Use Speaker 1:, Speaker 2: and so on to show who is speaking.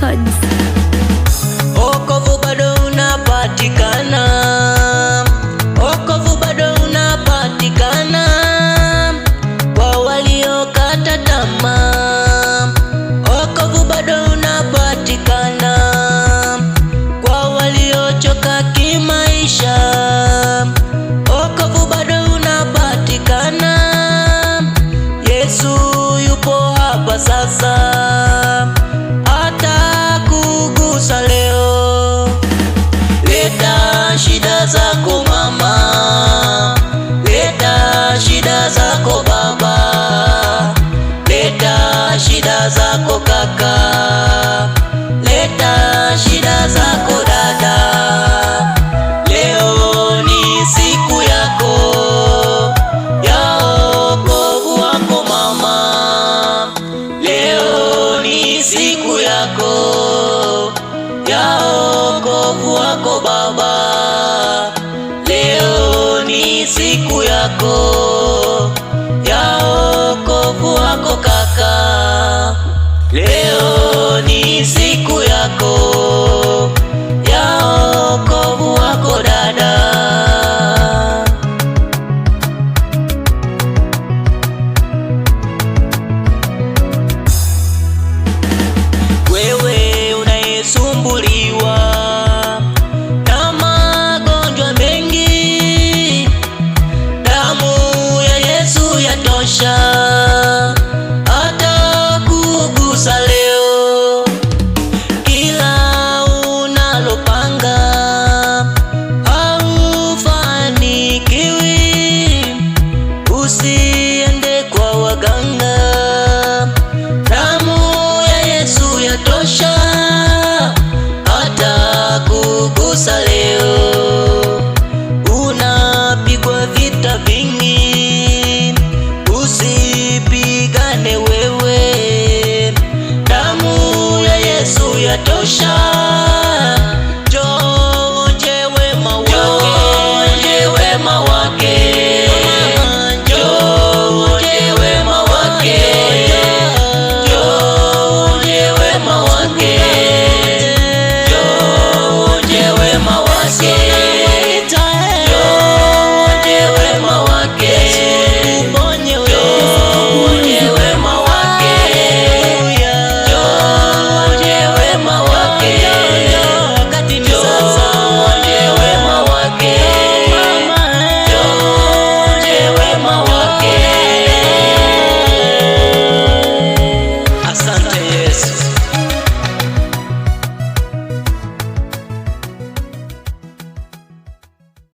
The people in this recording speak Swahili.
Speaker 1: records. ya wokovu wako Baba. Leo ni siku yako ya wokovu wako show. yatosha